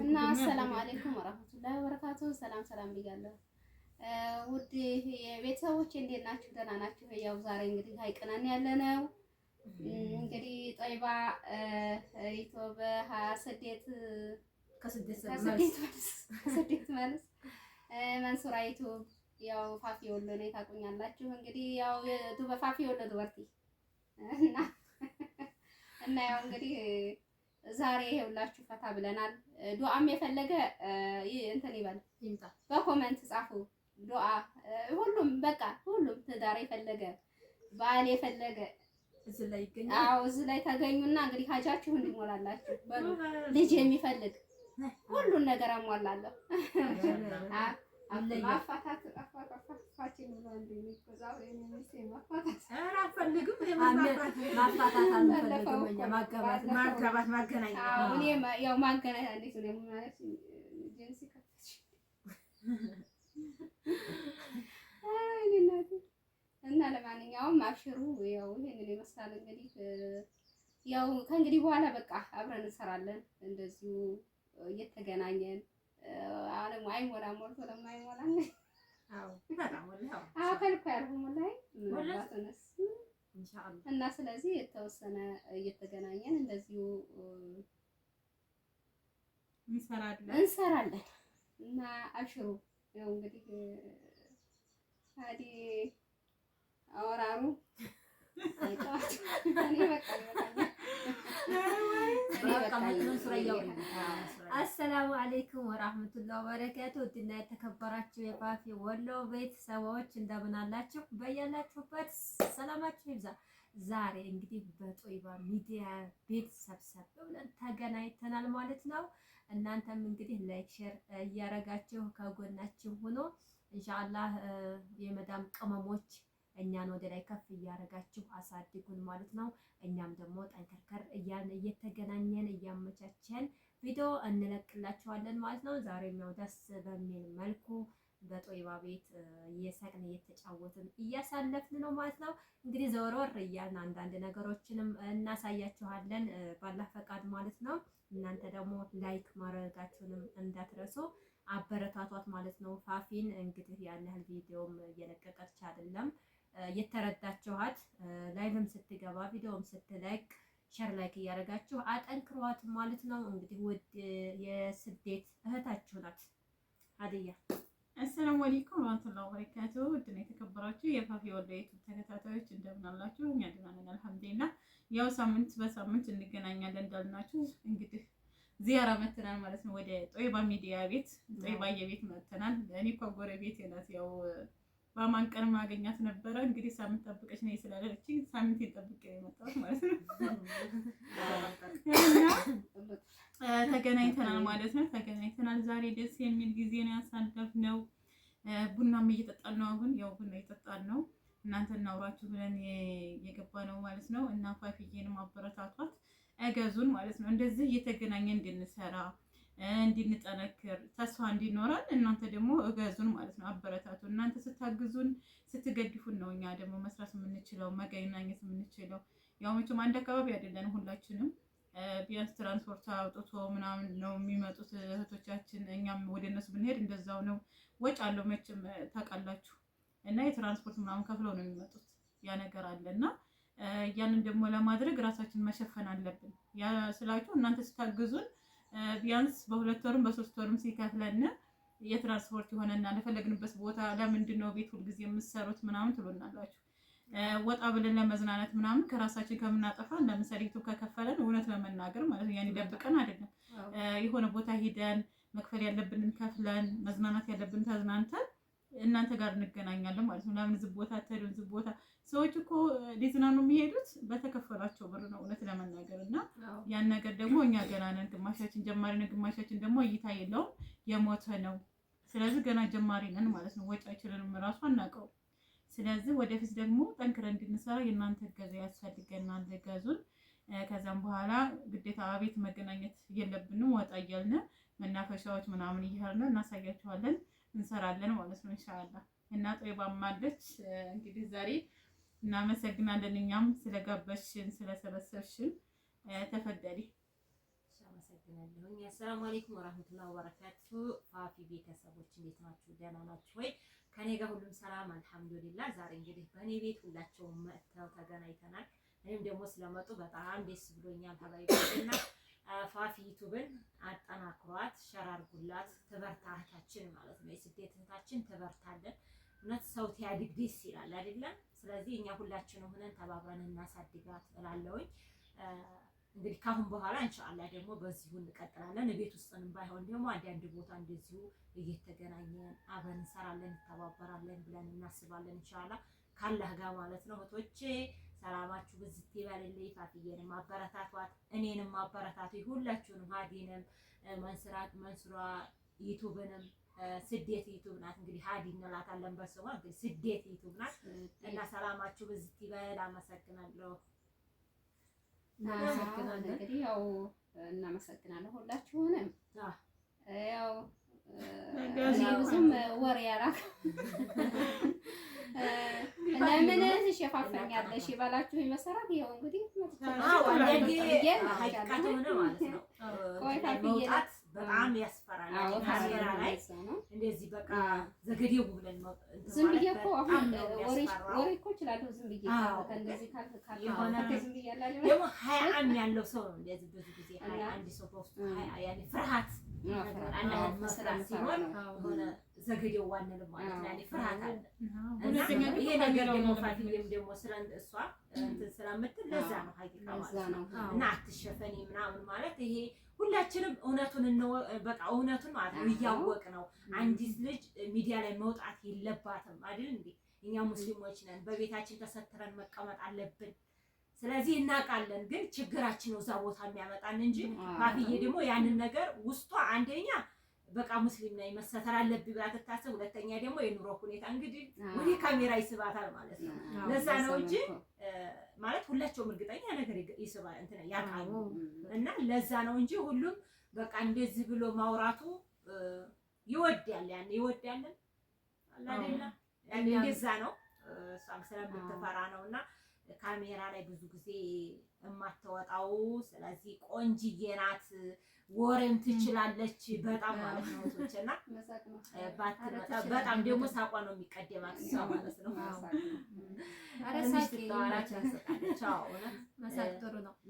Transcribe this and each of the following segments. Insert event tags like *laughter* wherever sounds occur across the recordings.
እና አሰላሙ አሌይኩም ወረህመቱላሂ ወበረካቱ። ሰላም ሰላም ብያለሁ ውድ የቤተሰቦች እንዴት ናችሁ? ደህና ናችሁ? ያው ዛሬ እንግዲህ ሀይቅነን ያለ ነው። እንግዲህ ጦይባ ኢቶ በስደት ከስደት መልስ መንሱራ ዩቱብ ያው ፋፊ ወሎ ነው ታቁኛላችሁ። እንግዲህ ያው ፋፊ ወሎ ዱበርቲ እና እና ያው እንግዲህ ዛሬ ይሄውላችሁ ፈታ ብለናል። ዱዓም የፈለገ እንትን ይበል በኮመንት ጻፉ። ዱዓ ሁሉም በቃ ሁሉም ትዳር የፈለገ ባል የፈለገ እዚህ ላይ ይገኛል። አዎ እዚህ ላይ ተገኙና እንግዲህ ሀጃችሁ እንዲሞላላችሁ በሉ ልጅ የሚፈልግ ሁሉን ነገር አሟላለሁ። እና ለማንኛውም አብሽሩ ያው ይሄንን ይመስላል እንግዲህ ያው ከእንግዲህ በኋላ በቃ አብረን እንሰራለን እንደዚሁ እየተገናኘን አለም አይሞላም ሞልቶ ደግሞ እና ስለዚህ የተወሰነ እየተገናኘን እንደዚሁ እንሰራለን እና አብሽሩ። ያው እንግዲህ ታዲያ አወራሩ አሰላሙ አሌይኩም ወራህመቱላህ በረከቱ ውድና የተከበራችሁ የፋፊ ወሎ ቤተሰቦች እንደምን አላችሁ? በያላችሁበት ሰላማችሁ ይብዛ። ዛሬ እንግዲህ በጦይባ ሚዲያ ቤት ሰብሰብ ብለን ተገናኝተናል ማለት ነው። እናንተም እንግዲህ ላይክ፣ ሼር እያረጋችሁ ከጎናችሁ ሆኖ ኢንሻአላህ የመዳም ቅመሞች እኛን ወደ ላይ ከፍ እያደረጋችሁ አሳድጉን ማለት ነው። እኛም ደግሞ ጠንከርከር እያን እየተገናኘን እያመቻቸን ቪዲዮ እንለቅላችኋለን ማለት ነው። ዛሬም ያው ደስ በሚል መልኩ በጦይባ ቤት እየሰቅን እየተጫወትን እያሳለፍን ነው ማለት ነው። እንግዲህ ዘወርወር እያልን አንዳንድ ነገሮችንም እናሳያችኋለን ባላ ፈቃድ ማለት ነው። እናንተ ደግሞ ላይክ ማድረጋችሁንም እንዳትረሱ አበረታቷት ማለት ነው። ፋፊን እንግዲህ ያን ያህል ቪዲዮም እየለቀቀች አይደለም። የተረዳችኋት ላይቭም ስትገባ ቪዲዮም ስትለቅ ሸር ላይክ እያደረጋችሁ አጠንክሯት ማለት ነው። እንግዲህ ውድ የስደት እህታችሁ ናት አድያ። አሰላሙ አለይኩም ወራህመቱላሂ ወበረካቱ። ውድና የተከበራችሁ የፋፊ ወልደ ዩቱብ ተከታታዮች እንደምን አላችሁ? እኛ ደህና ነን አልሐምዱሊላህ። ያው ሳምንት በሳምንት እንገናኛለን እንዳልናችሁ እንግዲህ ዚያራ መተናል ማለት ነው። ወደ ጦይባ ሚዲያ ቤት ጦይባ የቤት መተናል። እኔ እኮ ጎረቤቴ ናት ያው በማን ቀን ማገኛት ነበረ። እንግዲህ ሳምንት ጠብቀች ነው ስላለች ሳምንት የጠብቀ የመጣት ማለት ነው። ተገናኝተናል ማለት ነው። ተገናኝተናል። ዛሬ ደስ የሚል ጊዜ ነው ያሳለፍነው። ቡናም እየጠጣል ነው። አሁን ያው ቡና እየጠጣል ነው። እናንተ እናውራችሁ ብለን የገባ ነው ማለት ነው። እና ፋፊዬንም አበረታቷት፣ እገዙን ማለት ነው። እንደዚህ እየተገናኘ እንድንሰራ እንድንጠነክር ተስፋ እንዲኖረን እናንተ ደግሞ እገዙን ማለት ነው። አበረታቱ። እናንተ ስታግዙን፣ ስትገድፉን ነው እኛ ደግሞ መስራት የምንችለው መገናኘት የምንችለው። ያው መቼም አንድ አካባቢ አይደለን ሁላችንም ቢያንስ ትራንስፖርት አውጥቶ ምናምን ነው የሚመጡት እህቶቻችን። እኛም ወደ እነሱ ብንሄድ እንደዛው ነው፣ ወጪ አለው መቼም ታውቃላችሁ። እና የትራንስፖርት ምናምን ከፍለው ነው የሚመጡት። ያ ነገር አለ እና ያንን ደግሞ ለማድረግ ራሳችን መሸፈን አለብን። ያ ስላችሁ እናንተ ስታግዙን ቢያንስ በሁለት ወርም በሶስት ወርም ሲከፍለን የትራንስፖርት የሆነና ለፈለግንበት ቦታ ለምንድን ነው ቤት ሁልጊዜ የምትሰሩት ምናምን ትሉናላችሁ። ወጣ ብለን ለመዝናናት ምናምን ከራሳችን ከምናጠፋ ለምሳሌ ዩቱብ ከከፈለን እውነት ለመናገር ማለት ነው ያኔ ደብቀን አይደለም የሆነ ቦታ ሂደን መክፈል ያለብንን ከፍለን መዝናናት ያለብን ተዝናንተን እናንተ ጋር እንገናኛለን ማለት ነው። ለምን ዝም ቦታ ተሪውን ዝም ቦታ ሰዎች እኮ ሊዝናኑ የሚሄዱት በተከፈላቸው ብር ነው እውነት ለመናገር እና ያን ነገር ደግሞ እኛ ገና ነን፣ ግማሻችን ጀማሪ ነን፣ ግማሻችን ደግሞ እይታ የለውም የሞተ ነው። ስለዚህ ገና ጀማሪ ነን ማለት ነው። ወጪያችንንም ራሱ አናውቀው። ስለዚህ ወደፊት ደግሞ ጠንክረን እንድንሰራ የእናንተ እገዛ ያስፈልገናል። ገዙን። ከዛም በኋላ ግዴታ አቤት መገናኘት የለብንም። ወጣ እያልን መናፈሻዎች ምናምን እየሄድን እናሳያችኋለን። እንሰራለን ማለት ነው ኢንሻአላህ። እና ጦይባም አለች እንግዲህ ዛሬ እናመሰግናለን። እኛም ስለጋበሽን ስለሰበሰብሽን ተፈደሪ አመሰግናለሁኝ። አሰላሙ አለይኩም ወራህመቱላሂ ወበረካቱ። ፋፊ ቤተሰቦች እንዴት ናችሁ? ደህና ናችሁ ወይ? ከኔ ጋር ሁሉም ሰላም አልሐምዱሊላህ። ዛሬ እንግዲህ በእኔ ቤት ሁላቸውም መጥተው ተገናኝተናል። እኔም ደግሞ ስለመጡ በጣም ደስ ብሎኛል። ፋፊ ዩቱብን አጠናክሯት ሸራርጉላት ትበርታ እህታችን ማለት ነው። የስደት እህታችን ትበርታለን። እውነት ሰው ትያድግ ደስ ይላል አይደለም? ስለዚህ እኛ ሁላችን ሆነን ተባብረን እናሳድጋት እላለሁኝ። እንግዲህ ካሁን በኋላ እንሻላ ደግሞ በዚሁ እንቀጥላለን። ቤት ውስጥንም ባይሆን ደግሞ አንዳንድ ቦታ እንደዚሁ እየተገናኘን አብረን እንሰራለን፣ እንተባበራለን ብለን እናስባለን። እንሻላ ካላህ ጋር ማለት ነው እህቶቼ ሰላማችሁ ብዝት ይበልልኝ። ፋትዬንም አበረታቷት፣ እኔንም አበረታቱ፣ ሁላችሁንም ሀዲንም መንሱራ ዩቱብንም ስደት ዩቱብ ናት እንግዲህ ሀዲ እንላታለን በስሟ እንግዲህ ስደት ዩቱብ ናት እና ሰላማችሁ ብዝት ይበል። አመሰግናለሁ። እናመሰግናለን እንግዲህ ያው እናመሰግናለን ሁላችሁንም ያው ብዙም ወሬ ያላ *laughs* ለምን ትሸፋፈኛለሽ ባላችሁኝ መሰራት ይኸው እንግዲህ በጣም ያስፈራል። ካሜራ ላይ እንደዚህ በቃ ዘገዴው ብለን ዝም ብዬ እኮ አሁን ወሬ እኮ እችላለሁ። ዝም ብዬ ሀያ አም ያለው ሰው ነው እንደዚህ ብዙ ጊዜ ሀያ አንድ ሰው በውስጡ ያኔ ፍርሃት አንዳንድ መስራት ሲሆን ሆነ ዘገዴው ዋንልም ማለት ያኔ ፍርሃት አለ። ይሄ ነገር ደግሞ ፋትም ደግሞ ስለ እሷ እንትን ስለምትል ለዛ ነው ሀቂቃ ማለት ነው እና አትሸፈኒ ምናምን ማለት ይሄ ሁላችንም እውነቱን በቃ እውነቱን ማለት ነው እያወቅ ነው። አንዲት ልጅ ሚዲያ ላይ መውጣት የለባትም አይደል እንዴ? እኛ ሙስሊሞች ነን፣ በቤታችን ተሰትረን መቀመጥ አለብን። ስለዚህ እናውቃለን፣ ግን ችግራችን ነው እዛ ቦታ የሚያመጣን እንጂ ማፍዬ ደግሞ ያንን ነገር ውስጧ አንደኛ በቃ ሙስሊም ነኝ መሰተር አለብኝ ብላ ትታስብ። ሁለተኛ ደግሞ የኑሮ ሁኔታ እንግዲህ ወደ ካሜራ ይስባታል ማለት ነው። ለዛ ነው እንጂ ማለት ሁላቸውም እርግጠኛ ነገር ይስባል እንትን ያውቃሉ። እና ለዛ ነው እንጂ ሁሉም በቃ እንደዚህ ብሎ ማውራቱ ይወዳል፣ ያን ይወዳል አላደላ እንደዛ ነው። እሷም ስለምትፈራ ነውና ካሜራ ላይ ብዙ ጊዜ የማታወጣው ስለዚህ ቆንጅዬ ናት፣ ወሬም ትችላለች በጣም ማለት ነው። ቶችና በጣም ደግሞ ሳቋ ነው የሚቀደማት እሷ ማለት ነው።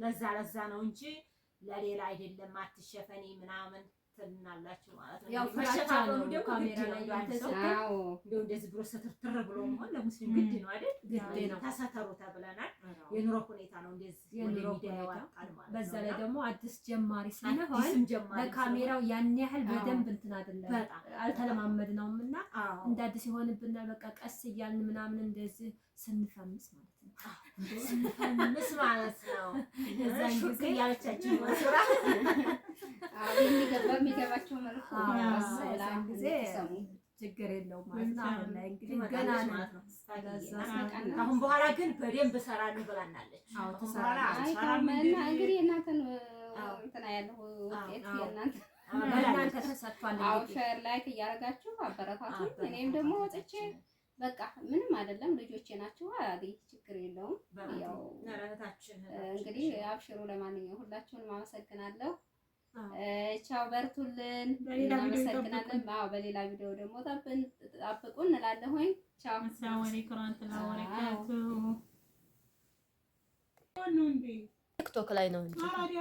ለዛ ለዛ ነው እንጂ ለሌላ አይደለም። አትሸፈኔ ምናምን ትናላችሁ ማለት ነው። ያው ፈሸታ እንደዚህ ብሎ ሰተር ብሎ መሆን ለሙስሊም ግድ ነው አይደል? ተሰተሩ ተብለናል። የኑሮ ሁኔታ ነው እንደዚህ በዛ ላይ ደግሞ አዲስ ጀማሪ ስለሆነ በካሜራው ያን ያህል በደንብ እንትን አይደለም አልተለማመድ ነውምና እንደ አዲስ ይሆንብናል። በቃ ቀስ እያልን ምናምን እንደዚህ ስንፈምስ ማለት ነው ምስ ማለት ነው። የዛን ጊዜ ያለቻችን መስራ በሚገባቸው መልኩ የዛን ጊዜ ችግር የለውም ማለት ነው። አሁን ላይ እንግዲህ ገና ነው። አሁን በኋላ ግን በደንብ እሰራለሁ ብላናለች። እንግዲህ እናንተን እንትና ያለው ውጤት የእናንተ በእናንተ ተሰጥቷል። ሼር ላይክ እያደረጋችሁ አበረታቱ። እኔም ደግሞ ወጥቼ በቃ ምንም አይደለም፣ ልጆቼ ናቸው። አላዴ ችግር የለውም። ያው እንግዲህ አብሽሩ። ለማንኛውም ሁላችሁንም አመሰግናለሁ። ቻው፣ በርቱልን። እናመሰግናለን። አዎ፣ በሌላ ቪዲዮ ደግሞ ጠብቁ እንላለን። ወይ ቻው። ሰላም አለይኩም ወራህመቱላሂ ወበረካቱሁ። ቲክቶክ ላይ ነው እንጂ አዲያ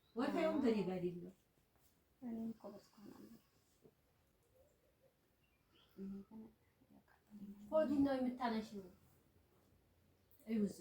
ዋታየውም ተኔጋድ የለም። ሆዲናው የምታነሺው ይውዝ